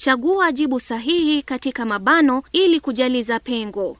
Chagua jibu sahihi katika mabano ili kujaliza pengo.